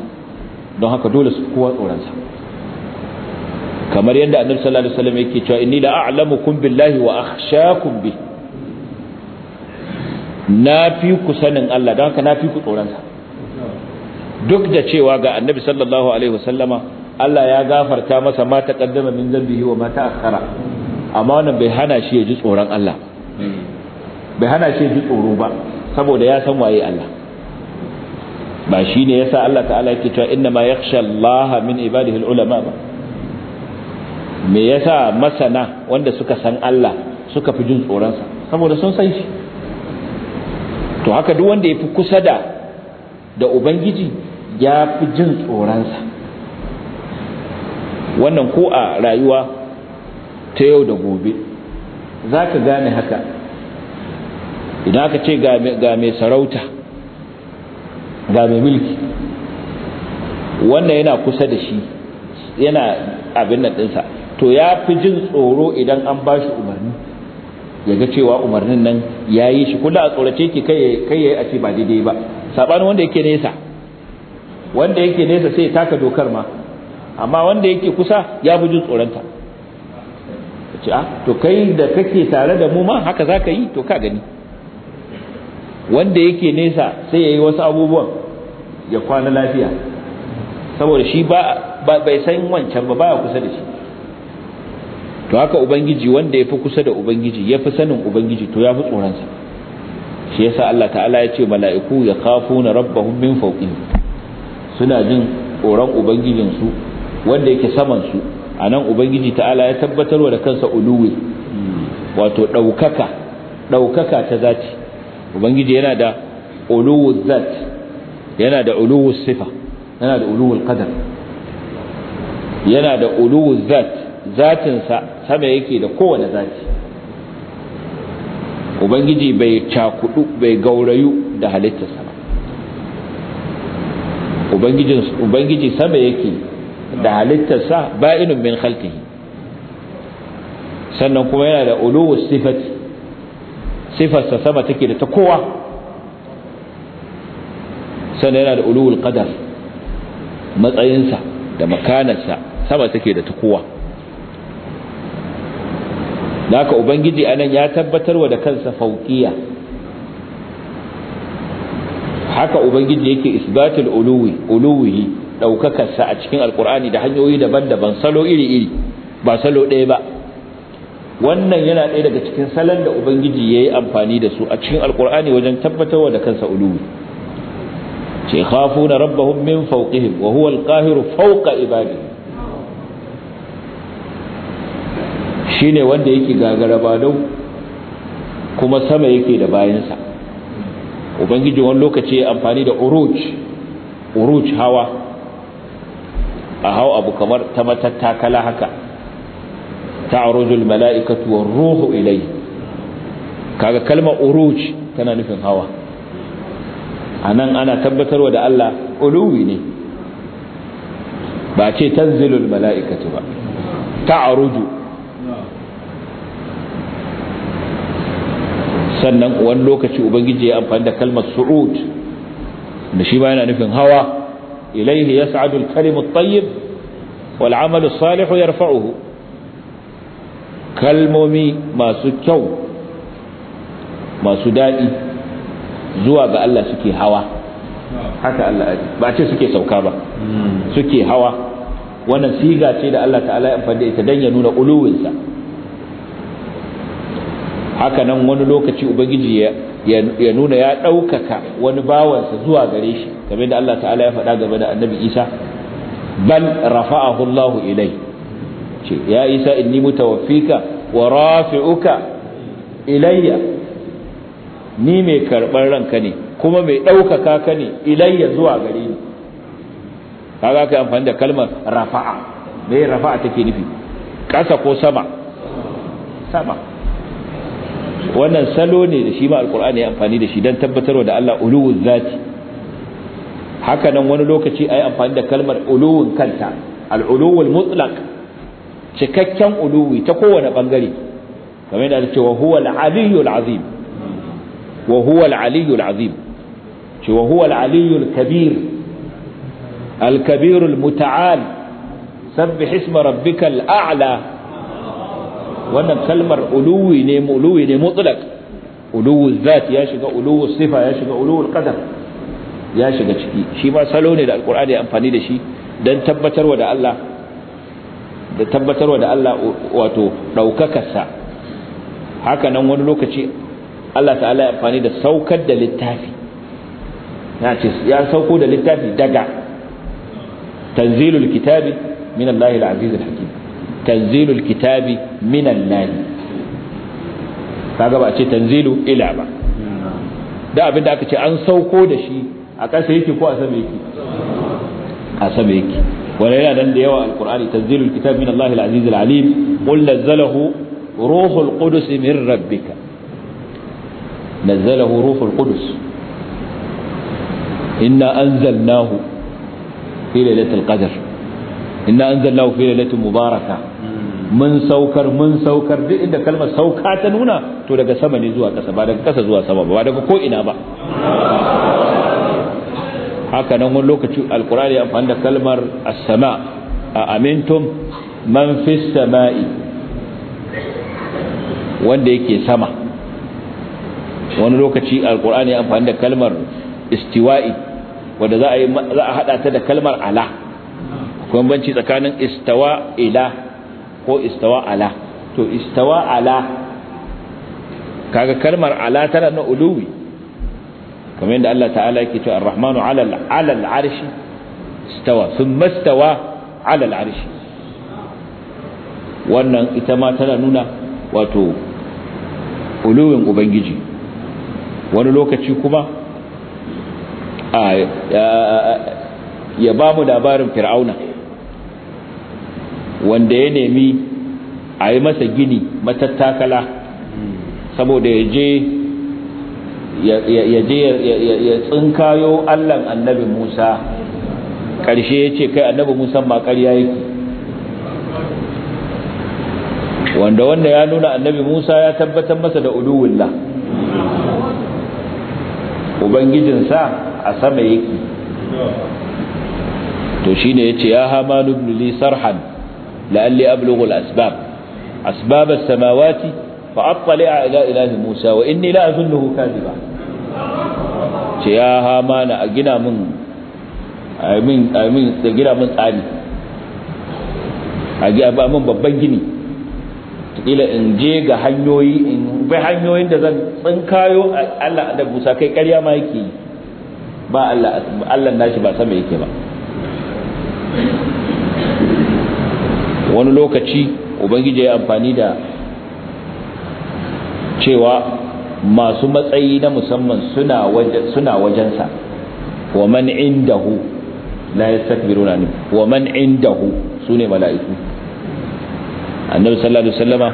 don haka dole su kowa tsoronsa kamar yadda annabi sallallahu alaihi wasallam yake cewa inni la a'lamukum billahi wa akhshakum bi na fi ku sanin Allah don haka na fi ku tsoronsa duk da cewa ga annabi sallallahu alaihi wasallama Allah ya gafarta masa ma taqaddama min dhanbihi wa ma ta'akhkhara amma wannan bai hana shi ya ji tsoron Allah bai hana shi ya ji tsoro ba saboda ya san waye Allah ba shi shine yasa Allah ta'ala yake cewa inna ma yakhsha Allah min ibadihi ulama ba me yasa masana wanda suka san Allah suka fi jin tsoron saboda sun san shi to haka duk wanda yafi kusa da da ubangiji ya fi jin tsoronsa? wannan ko a rayuwa ta yau da gobe zaka gane haka idan aka ce ga mai sarauta ga mai mulki wannan yana kusa da shi yana abin nan ɗinsa to ya fi jin tsoro idan an ba shi umarni ya ga cewa umarnin nan ya yi shi kula a tsorace ki kai ya yi a ce ba daidai ba saɓanin wanda yake nesa wanda yake nesa sai taka dokar ma amma wanda yake kusa ya fi jin tsoronta ce ah, to kai da kake tare da mu ma haka za ka yi to ka gani wanda yake nesa sai yayi wasu abubuwan ya kwana lafiya saboda shi bai san wancan ba baya kusa da shi to haka ubangiji wanda yafi kusa da ubangiji yafi sanin ubangiji to yafi tsoron sa shi yasa Allah ta'ala ya ce mala'iku ya khafuna rabbahum min fawqihim suna jin tsoron ubangijin su wanda yake saman su anan ubangiji ta'ala ya tabbatarwa da kansa uluwi wato ɗaukaka. daukaka ta zati ubangiji yana da uluwuz zat yana da uluwuz sifa yana da uluwul qadar yana da uluwuz zat zatin sa sama yake da kowane zati ubangiji bai cakudu bai gaurayu da halittarsa ba ubangijin ubangiji sama yake da halittarsa ba'inun min khalqihi sannan kuma yana da uluwus sifati sifarsa sama take da ta kowa sannan yana da ulul qadar matsayinsa da makanarsa sama take da ta kowa haka ubangiji anan ya tabbatarwa da kansa fauqiya haka ubangiji yake isbatul uluwi uluwi daukakarsa a cikin Alƙur'ani da hanyoyi daban-daban salo iri-iri ba salo ɗaya ba wannan yana ɗaya daga cikin salon da ubangiji ya yi amfani da su a cikin alkur'ani wajen tabbatarwa da kansa uluwi ce hafu na rabbahun min fauƙihim wa huwa alƙahiru fauƙa ibadi shi ne wanda yake gagara badau kuma sama yake da bayansa ubangiji wani lokaci ya amfani da uruj uruj hawa a hau abu kamar ta matattakala haka ta'ruju al-mala'ikatu war-ruhu kaga kalmar uruj tana nufin hawa anan ana tabbatarwa da Allah uluwi ne ba ce tanzilu al-mala'ikatu ba ta'ruju sannan wani lokaci ubangiji ya amfani da kalmar su'ud da shi ba yana nufin hawa ilaihi yas'adu al-kalimu at-tayyib wal 'amalu as-salihu kalmomi masu kyau masu daɗi zuwa ga Allah suke hawa haka Allah ba ce suke sauka ba suke hawa wannan siga ce da Allah ta'ala ya amfani da ita dan ya nuna uluwinsa haka nan wani lokaci ubangiji ya nuna ya ɗaukaka wani bawansa zuwa gare shi kamar da Allah ta'ala ya faɗa game da annabi Isa bal rafa'ahu Allahu ilayhi ce ya isa inni mutawaffika wa rafi'uka ilayya ni mai karban ranka ne kuma mai ɗaukaka ka ne ilayya zuwa gare ni kaga kai amfani da kalmar rafa'a me rafa'a take nufi ƙasa ko sama sama wannan salo ne da shi ma alkur'ani ya amfani da shi don tabbatarwa da Allah uluwun zati haka nan wani lokaci a yi amfani da kalmar uluwun kanta uluwul mutlaq cikakken uluwi ta kowane bangare kamar yadda ake wa huwa azim wa huwa azim ce wa huwa kabir al-kabir mutaal sabbih isma rabbikal a'la wannan kalmar uluwi ne uluwi ne mutlaq uluwu zat ya shiga uluwu sifa ya shiga uluwul qadar ya shiga ciki shi ma salo ne da alqur'ani amfani da shi dan tabbatarwa da Allah da tabbatarwa da Allah wato ɗaukakarsa haka nan wani lokaci Allah ta'ala ya amfani da saukar da littafi ya sauko da littafi daga tanzilul kitabi min Allah al-aziz al-hakim tanzilul kitabi min Allah kaga ba ce tanzilu ila ba da abin da aka ce an sauko da shi a ƙasa yake ko a sama yake a sama yake ولا لا دن ديوا القرآن تنزيل الكتاب من الله العزيز العليم قل نزله روح القدس من ربك نزله روح القدس إنا أنزلناه في ليلة القدر إنا أنزلناه في ليلة مباركة من سوكر من سوكر دي إن كلمة سوكات هنا تلقى سمني زوا كسبا لك كسبا زوا سبا بعدك كوئنا بقى haka nan wani lokaci alkurari amfani da kalmar as a amintum man fis sama'i wanda yake sama wani lokaci alkurari amfani da kalmar istiwa'i wadda za a haɗa ta da kalmar ala akwai banci tsakanin istawa ila ko istawa ala to istawa ala kaga kalmar ala tana na uluwi kamar yadda Allah ta'ala yake cewa ar-rahmanu 'ala al arshi istawa thumma istawa 'ala al-'arshi wannan ita ma tana nuna wato uluwin ubangiji wani lokaci kuma ya ba mu labarin fir'auna wanda ya nemi a yi masa gini matattakala saboda ya je ya je ya tsinkayo allah annabi musa Karshe ya ce kai annabi musa ma ƙarya yake wanda wanda ya nuna annabi musa ya tabbatar masa da uluwullah ubangijinsa a sama yake to shi ne ya ce ya hama sarhan la'alli ablughu asbab as-samawati فأطلع إلى إله موسى وإني لا أظنه كاذبا يا هامان أجنا من أمين أمين gina من tsari, a gina من babban gini kila in je ga hanyoyi in bai hanyoyin da zan tsinkayo Allah da Musa kai ƙarya ma yake ba Allah Allah nashi ba sama yake ba wani lokaci ubangiji ya amfani da cewa masu matsayi na musamman suna wajen suna wajensa wa man indahu la yastakbiruna ni wa man indahu sune mala'iku annabi sallallahu alaihi wasallama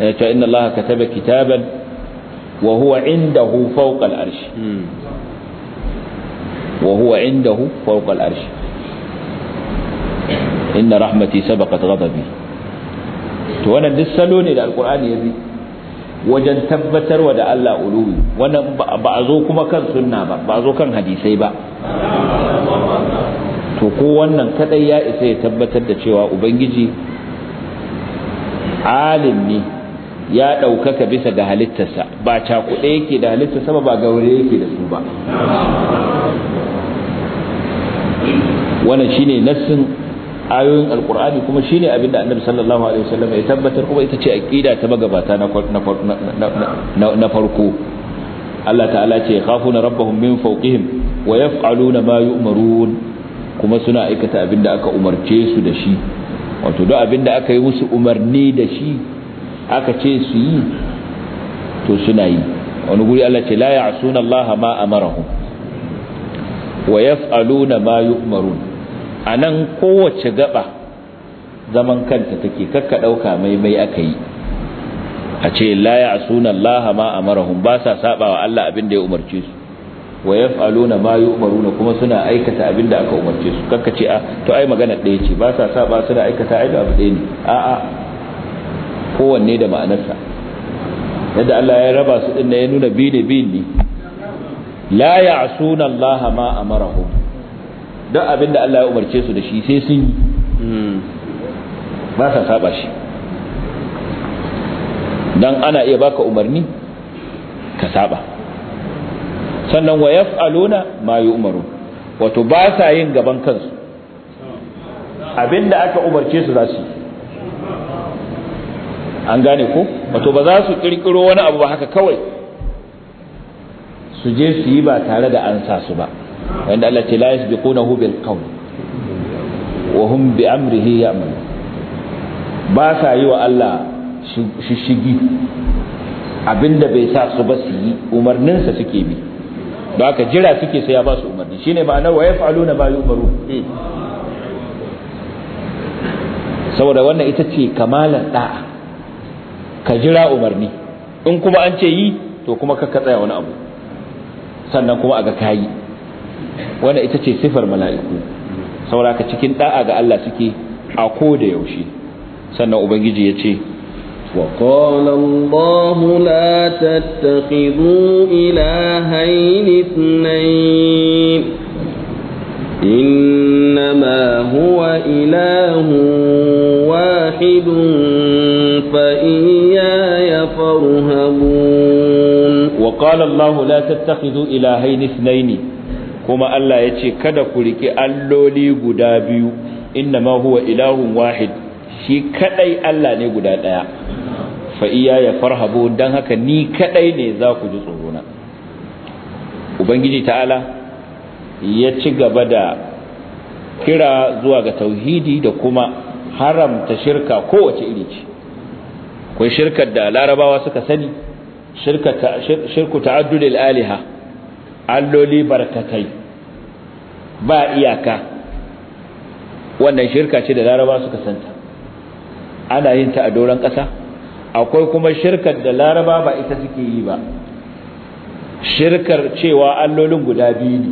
ya ce inna allaha kataba kitaban wa huwa indahu fawqa al wa huwa indahu fawqa al inna rahmati sabaqat ghadabi to wannan duk salo ne da alqur'ani ya bi wajen tabbatarwa da Allah uluwi wannan ba a zo kuma kan sunna ba ba a zo kan hadisai ba to ko wannan kadai ya isa ya tabbatar da cewa ubangiji alim ne ya ɗaukaka bisa da halittarsa ba cakuɗe yake da halittarsa ba ba gaure yake da su ba wannan shine nassin ayoyin alkur'ani kuma shine abinda annabi sallallahu alaihi wasallam ya tabbatar kuma ita ce aqida ta magabata na farko Allah ta'ala ce khafuna rabbahum min fawqihim wa yaf'aluna ma yu'marun kuma suna aikata abin da aka umarce su da shi wato duk da aka yi musu umarni da shi aka ce su yi to suna yi wani guri Allah ce la ya'suna Allah ma amarahum wa yaf'aluna ma yu'marun a nan kowace gaba zaman kanta take kakka ɗauka mai mai aka yi a ce la ya sunan Allah ma amarahum ba sa wa Allah abin da ya umarce su wa yaf'aluna ma yu'maruna kuma suna aikata abin da aka umarce su kakka ce a ah, to ai magana ɗaya ce ba sa saba suna aikata ai abu ɗaya ne a a kowanne da ma'anarsa yadda Allah ya raba su na ya nuna bi da bi ne la ya asuna Allah ma amarahum Don abin da Allah ya umarce su da shi sai sun yi hmm. ba sa saba shi Don ana iya baka umarni ka saba sannan wa yaf'aluna ma yu'maru wato ba sa yin gaban kansu abinda aka umarce su za su an gane ko wato ba za su kirkiro wani abu ba haka kawai su je su yi ba tare da an sa su ba wanda Allah ce la hu bil qawl wa hum bi amrihi ya'mal ba sa yi wa Allah shishigi abinda bai sa su ba su yi umarninsa suke bi don haka jira suke sai ya ba su umarni shine ma'ana wa yaf'aluna ma yu'maru saboda wannan ita ce kamalar da'a ka jira umarni in kuma an ce yi to kuma ka tsaya wani abu sannan kuma a ga kayi wanda ita ce sifar mala'iku sauraka cikin ɗa'a ga Allah suke a ko da yaushe sannan ubangiji ya ce وقال الله لا تتخذوا إلهين اثنين إنما هو إله واحد kuma Allah ya ce kada ku riki alloli guda biyu inna ma huwa ilahun wahid shi kadai Allah ne guda daya fa iya ya farhabu dan haka ni kadai ne za ku ji tsoro na ubangiji ta'ala ya ci gaba da kira zuwa ga tauhidi da kuma haramta shirka kowace iri ce Kun shirkar da larabawa suka sani shirku ta'addudil aliha alloli barkatai ba iyaka wannan shirka ce da laraba suka santa ana yin ta a doron ƙasa akwai kuma shirkar da laraba ba ita suke yi ba shirkar cewa allolin guda biyu ne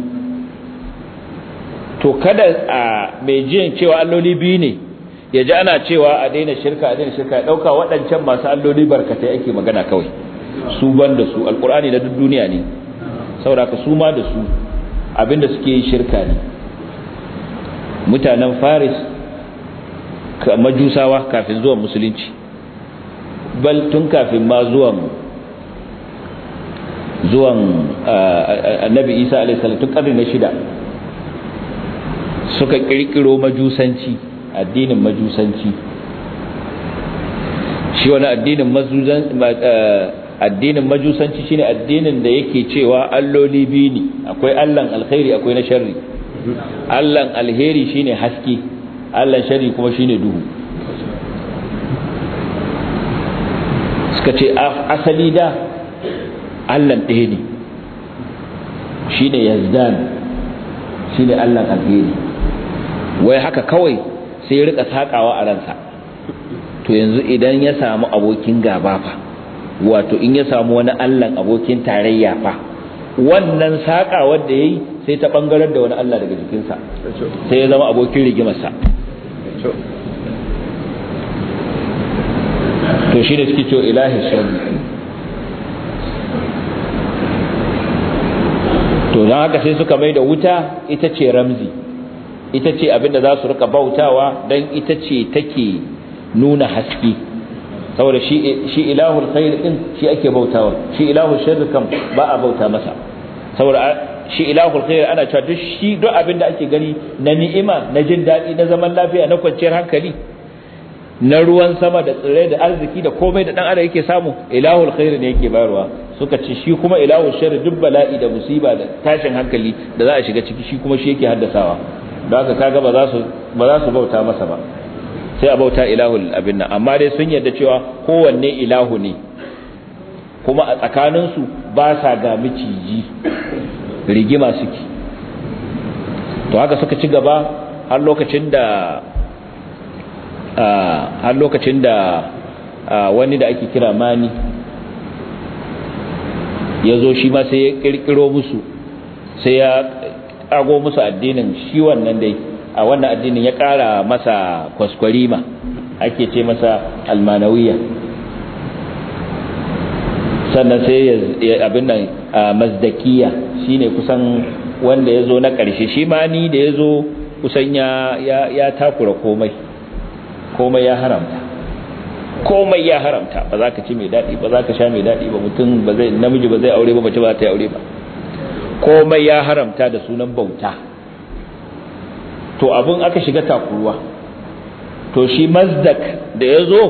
to kada a mai cewa alloli biyu ne ya ji ana cewa a daina shirka a daina shirka ya ɗauka waɗancan masu alloli barkatai ake magana kawai su ban da su alƙur'ani na duk duniya ne saboda ka su ma da su abinda suke yi shirka ne mutanen faris majusawa kafin zuwan musulunci bal tun kafin ma zuwan zuwan annabi isa alaihissalam tun karni na shida suka kirkiro majusanci addinin majusanci shi wani addinin addinin majusanci shine addinin da yake cewa alloli biyu ne akwai allan alkhairi akwai na sharri allan alheri shine haske allan sharri kuma shine duhu suka ce ah, asali da allan ɗaya ne shine yazdan shine allan alheri wai haka kawai sai ya rika takawa a ransa to yanzu idan ya samu abokin gaba fa wato in ya samu wani allan abokin tarayya fa wannan saƙa wanda ya yi sai ta ɓangaren da wani allah daga jikinsa sai ya zama abokin rigimarsa to shi da suke cewa ilahi shari to don haka sai suka mai da wuta ita ce ramzi ita ce abinda za su rika bautawa don ita ce take nuna haske saboda shi ilahul khair din shi ake bautawa shi ilahul sharri kam ba a bauta masa saboda shi ilahul khair ana cewa duk shi duk abin da ake gani na ni'ima na jin daɗi na zaman lafiya na kwanciyar hankali na ruwan sama da tsirrai da arziki da komai da dan adam yake samu ilahul khair ne yake bayarwa suka ce shi kuma ilahul sharri duk bala'i da musiba da tashin hankali da za a shiga ciki shi kuma shi yake haddasawa don haka kaga ba za su ba za su bauta masa ba sai a bauta ilahu abin nan amma dai sun yarda cewa kowanne ilahu ne kuma a tsakaninsu ba sa ga miciji rigima suke to haka suka ci gaba har lokacin da ah, har lokacin da ah, wani da ake kira mani ya zo shi ma sai ya kirkiro musu sai ya ƙago musu addinin shi wannan dai a wannan addinin ya ƙara masa kwaskwarima ake ce masa almanawiya sannan sai abin nan mazdakiya shine kusan wanda ya zo na ƙarshe shi ma ni da ya zo kusan ya takura komai komai ya haramta komai ya haramta ba za ka ci mai daɗi ba za ka sha mai daɗi ba mutum ba zai namiji ba zai aure ba mace ba ta yi aure ba komai ya haramta da sunan bauta to abun aka shiga takuruwa to shi mazdak da ya zo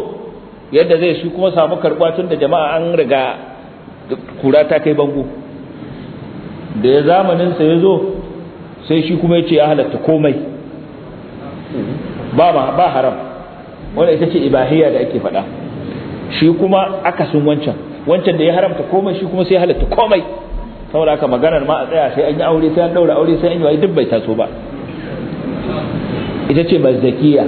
yadda zai shi kuma samu karɓa tun da jama'a an riga kura ta kai bango da ya zamaninsa ya zo sai shi kuma ya ce ya halatta komai ba haram wanda ita ce ibahiyya da ake faɗa shi kuma akasin wancan wancan da ya haramta komai shi kuma sai ya halatta komai saboda haka maganar ma a tsaya sai an yi aure sai an daura aure sai an yi wa duk bai taso ba ita ce mazdakiya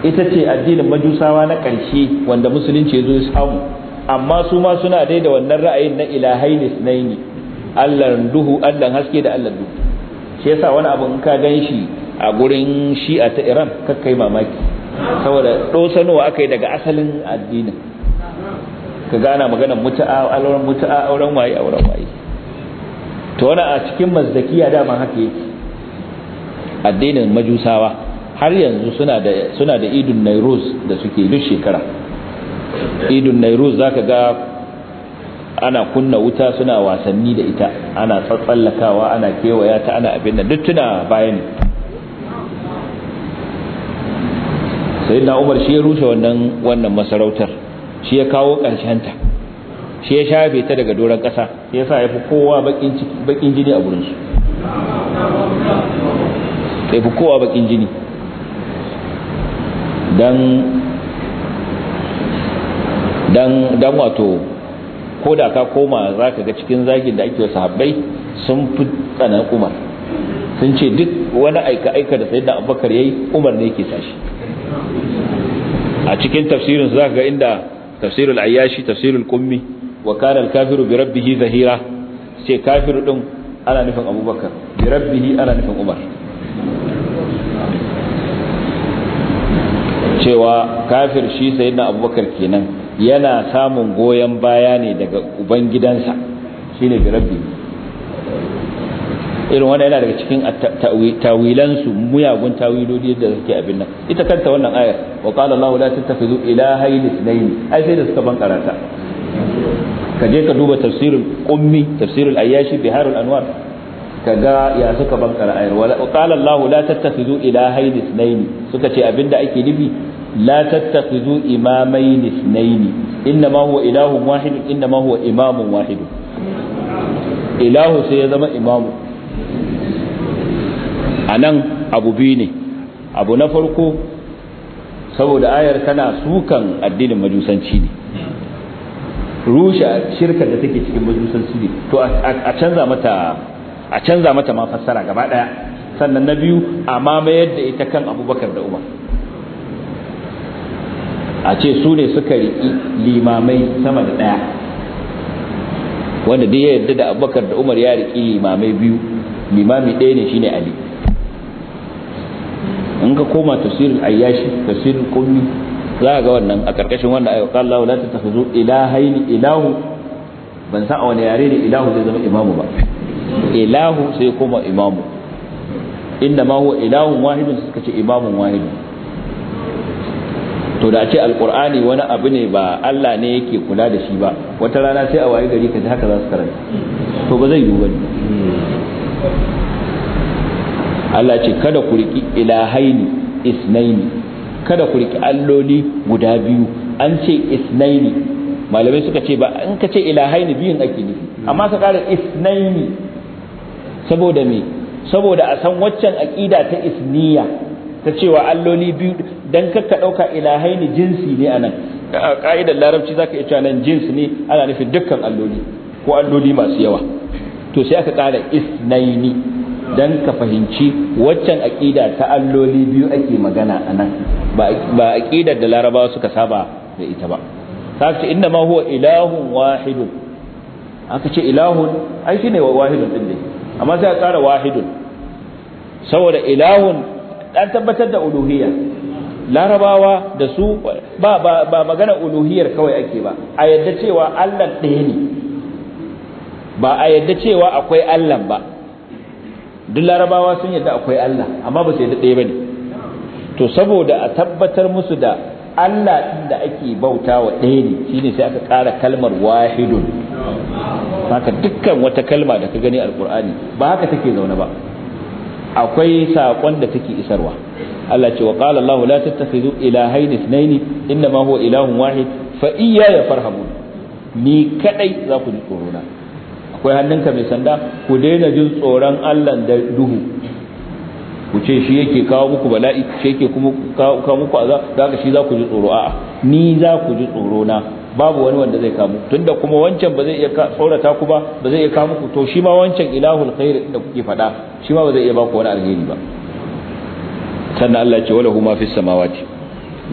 ita ce addinin majusawa na ƙarshe wanda musulunci zo ya samu amma su ma suna dai da wannan ra'ayin na ilahai ne ne allan duhu allan haske da allan duhu shi yasa wani abu in ka gan shi a gurin shi'a ta iran kakkai mamaki saboda ɗosanowa aka yi daga asalin addinin ka gana magana mutu'a auren mutu'a auren waye auren waye to wani a cikin mazdakiya dama haka yake addinin majusawa har yanzu suna da suna da idun nairuz da suke duk shekara idun nairuz zaka ga ana kunna wuta suna wasanni da ita ana tsatsallakawa ana kewaya ta ana abin da duk tuna baya sai na umar shi ya rushe wannan wannan masarautar shi ya kawo ta shi ya shafe ta daga doron ƙasa shi ya sa ya fi kowa baƙin jini a gurinsu sai fi kowa bakin jini dan wato ko da ka koma za ka ga cikin zagin da ake sahabbai sun fi tsanan umar sun ce duk wani aika-aika da sai da abubakar ya umar ne ke sashi a cikin tafsirin za ka ga inda tafsirul ayyashi tafsirul kummi wa al kafiru bi rabbihi zahira sai kafiru din ana nufin abubakar bi rabbihi ana nufin umar cewa kafir shi sai na abubakar kenan yana samun goyon baya ne daga ubangidansa shine bi rabbi irin wanda yana daga cikin tawilansu, muyagun tawilodi da suke abin nan ita kanta wannan ayar wa qala allah la tattakhidhu ilahayn ithnayn ai sai da suka ban karata ka je ka duba tafsirin ummi tafsirul ayyashi biharul anwar kaga ya suka bankara ayar wa qala Allahu la tattakhidhu ilahayn ithnayn suka ce abinda ake nufi la tattakhidhu imamayn ithnayn innama huwa ilahun wahid innama huwa imamun wahid ilahu sai ya zama imamu anan abu biyu ne abu na farko saboda ayar tana sukan addinin majusanci ne rushe shirka da take cikin majusanci ne to a canza mata a canza mata ma gaba daya sannan na biyu amma mayar da ita kan abubakar da umar a ce su ne suka riƙi limamai sama da ɗaya wanda dai ya yarda da abubakar da umar ya riƙi limamai biyu limami ɗaya ne shine ali in ka koma tafsirin ayyashi tafsirin kulli za ga wannan a ƙarƙashin wanda ayyuka Allah ta tattakhuzu ilahaini ilahu ban san a wani yare ne ilahu zai zama imamu ba ilahu sai koma imamu inda ma huwa ilahun wahidun suka ce imamun wahidun to da a ce alkur'ani wani abu ne ba Allah ne yake kula da shi ba wata rana sai a waye gari ka ji haka za su karanta to ba zai yiwu ba Allah ce kada ku riki ilahaini isnaini kada ku riki alloli guda biyu an ce isnaini malamai suka ce ba in ka ce ilahaini biyun ake nufi amma ka kara isnaini saboda me saboda a san waccan aqida ta isniya ta cewa alloli biyu dan kakka dauka ilahai ne jinsi ne anan A ka'idar larabci zaka iya cewa nan jins ne ana nufin dukkan alloli ko alloli masu yawa to sai aka kara isnaini dan ka fahimci waccan aqida ta alloli biyu ake magana anan ba ba aqidar da larabawa suka saba da ita ba kace inna ma huwa ilahun wahidun aka ce ilahun ai shine wahidun din ne amma sai aka kara wahidun saboda ilahun dan tabbatar da uluhiyya larabawa da su ba ba magana uluhiyar kawai ake ba a yadda cewa Allah ɗaya ne ba a yadda cewa akwai Allah ba duk larabawa sun yadda akwai Allah amma ba su yadda ɗaya ba ne. to saboda a tabbatar musu da Allah ɗin da ake bauta wa ɗaya ne shine sai aka ƙara kalmar wahidun haka dukkan wata kalma da ka gani alkur'ani ba haka take zaune ba akwai saƙon da take isarwa Allah ce wa qala Allah la tattakhidhu ilahayn ithnayn inna ma huwa ilahun wahid fa ya farhamu ni kadai za ku ji tsoro na akwai hannunka mai sanda ku daina jin tsoron Allah da duhu ku ce shi yake kawo muku bala'i shi yake kuma kawo muku azab zaka shi za ku ji tsoro a'a ni za ku ji tsoro na babu wani wanda zai kamu tunda kuma wancan ba zai iya tsorata ku ba ba zai iya kawo muku to shi ma wancan ilahul khair da kuke faɗa shi ma ba zai iya ba ku wani alheri ba sannan Allah ce wala huma fis samawati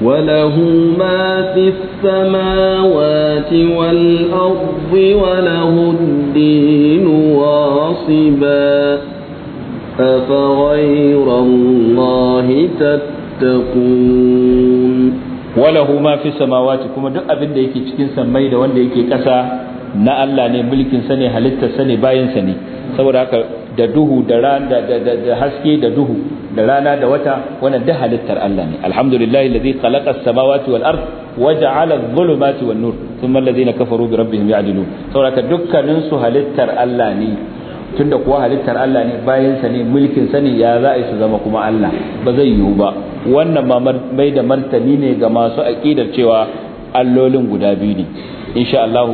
wala huma fis samawati wal ardi wala huddin wasiba أفغير الله تتقون وله ما في السماوات kuma duk abin da yake cikin sammai da wanda yake ƙasa na Allah ne mulkin sa ne halittar sa ne bayin sa ne saboda haka da duhu da da haske da duhu da rana da wata wannan da halittar Allah ne alhamdulillahi alladhi khalaqa as-samawati wal ard wa ja'ala adh-dhulumati wan nur thumma alladhina kafaru bi rabbihim ya'dilun saboda dukkanin su halittar Allah ne tunda kuwa halittar Allah ne bayan sa ne mulkin sa ne ya za a su zama kuma Allah ba zai yiwu ba wannan ma mai da martani ne ga masu aqidar cewa allolin guda biyu ne insha Allah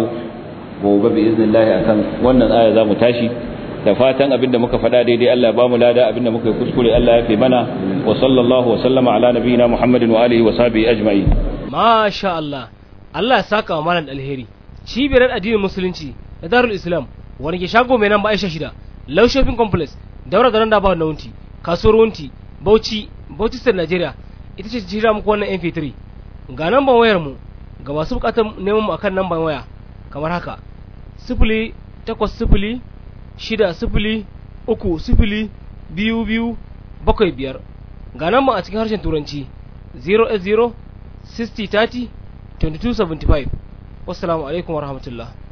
gobe bi iznillahi akan wannan aya za mu tashi da fatan abinda muka faɗa daidai Allah ya bamu lada da muka yi kuskure Allah ya fi mana wa sallallahu wa sallama ala nabiyina Muhammadin wa alihi wa sahbihi ajma'in masha Allah Allah ya saka wa malam alheri cibiyar addinin musulunci da darul islam wani ke shago mai nan ba Aisha shida Law Shopping Complex daura da randa ba na wunti kasuwar wunti Bauchi Bauchi sir Najeriya ita ce jira muku wannan MP3 ga namban wayar mu ga masu bukatar neman mu akan namban waya kamar haka sifili takwas sifili shida sifili uku sifili biyu biyu bakwai biyar ga nan a cikin harshen turanci 080 60 30 2275 wassalamu alaikum rahmatullah.